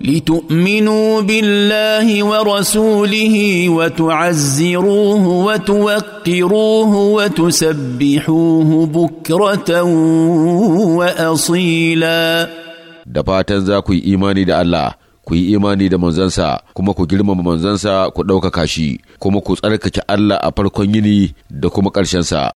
لتؤمنوا بالله ورسوله وتعزروه وتوقروه وتسبحوه بكره واصيلا da fatan za ku yi imani da Allah ku yi imani da manzansa kuma ku girmama manzansa ku ɗaukaka shi kuma ku tsarkake Allah a farkon yini da kuma ƙarshensa